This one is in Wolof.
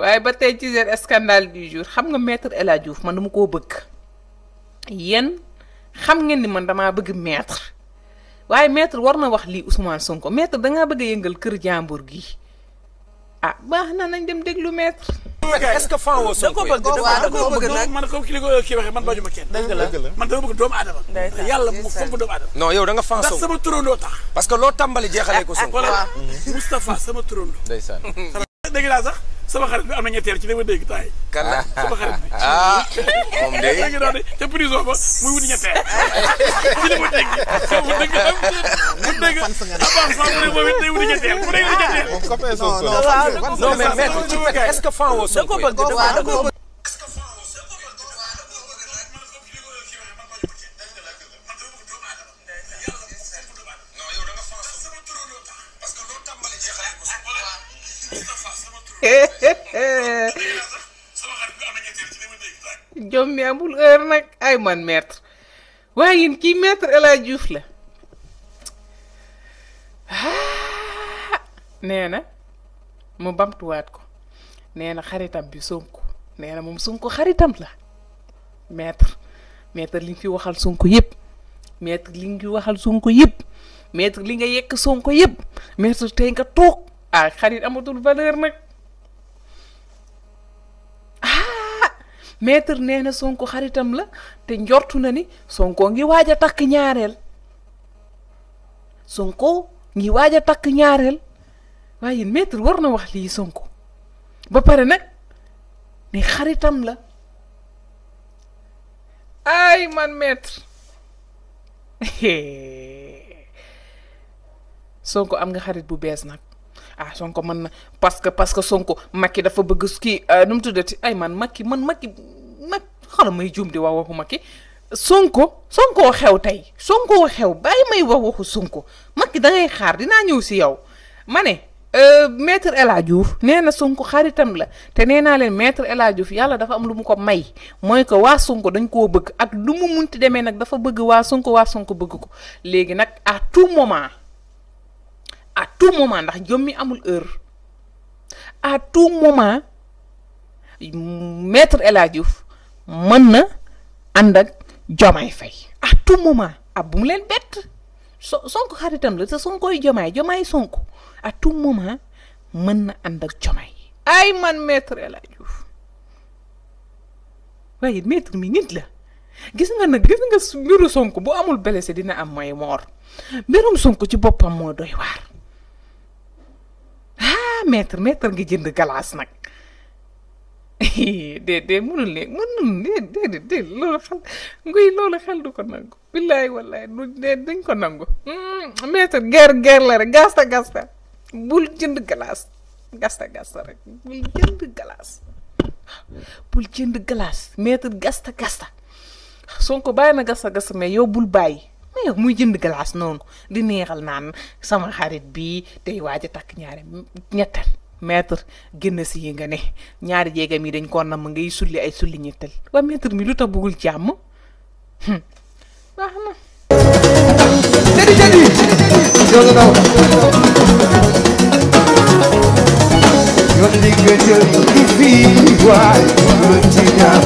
waaye ba tey ci seen scandale du jour xam nga metre El Hadj Diouf man dama koo bëgg yenn xam ngeen ni man damaa bëgg maître waaye metre war na wax lii Ousmane Sonko maître dangaa bëgg yëngal kër jàmbur gi ah baax na nañ dem déglu maître. est-ce que fan woo Sonko da ko bëgg da ko man comme ki li ko kenn. man dama bëgg doomu aadama. yàlla mu fonk doomu aadama. non yow tax. parce loo tàmbali jeexalee ko Sonko. voilà sama turandoo. ndeysaan. dégg sama xarit bi am na ñetteel ci li ma dégg taay. kan la sama xarit bi. ah dégg naa dégg. mu dégg am mu dégg avance moom it day non amul heure nag ay man maître waaye yéen kii maître El Hadj Diouf la nee na mu bamtuwaat ko nee na xaritam bi Sonko nee na moom Sonko xaritam la maître maître li nga fi waxal Sonko yëpp maître li nga fi waxal Sonko yëpp maître li nga yekk Sonko yëpp maître tey nga toog ah amatul valeur nag ah nee na Sonko xaritam la te njortu na ni Sonko ngi waaj a takk ñaareel Sonko ngi waaj a takk ñaareel waaye maître war na wax lii Sonko ba pare nag ni xaritam la ay man maître Sonko am nga xarit bu bees nag ah Sonko mën na parce que parce que Sonko Macky dafa bëgg kii euh, nu mu tuddati ay man Macky man Macky nag xala may juum di wax waxu Macky Sonko Sonko xew tey Sonko xew bàyyi may wax waxu sunko Macky da ngay xaar dinaa ñëw si yow mane Euh, maître El Hadj Diouf nee na Sonko xaritam la te nee naa leen maître El yàlla dafa am lu mu ko may mooy que waa Sonko dañ koo bëgg ak lu mu munti demee nag dafa bëgg waa Sonko waa Sonko bëgg ko léegi nag à tout moment à tout moment ndax jommi amul heure à tout moment metre El mën na ànd ak Diomaye fay à tout moment ab ah, bu mu leen bett so Sonko xaritam la te Sonkoy Diomaye Diomaye Sonko. à tout mën na ànd ak Diomaye ay man maître El Hadji waaye maître mi nit la gis nga nag gis nga mbiru Sonko bu amul blessé dina am mooy moor mbirum Sonko ci boppam moo doy waar ah maître maître nga jënd galaas nag déedéet mënul ne mënul déedéet déedéet loolu xel nguy loolu xel du ko nangu billaay wallaay du duñ ko nangu mm, maître guerre guerre la rek gasta gasta bul jënd glace gasta gasta rek bul jënd glace bul jënd glace maître gasta gasta Sonko bàyyi na gasta gasta mais yow bul bay mais yow muy jënd glace non di neexal nan sama xarit bi tey waaj tak takk ñaari ñettal maître génn si yi nga ne ñaari jéegam yi dañ ko nam ngay sulli ay sulli ñettal wa maître mi luta bugul bëggul jàmm jadi, jadi jadi. Jangan tahu. que Dieu, il vit, il voit,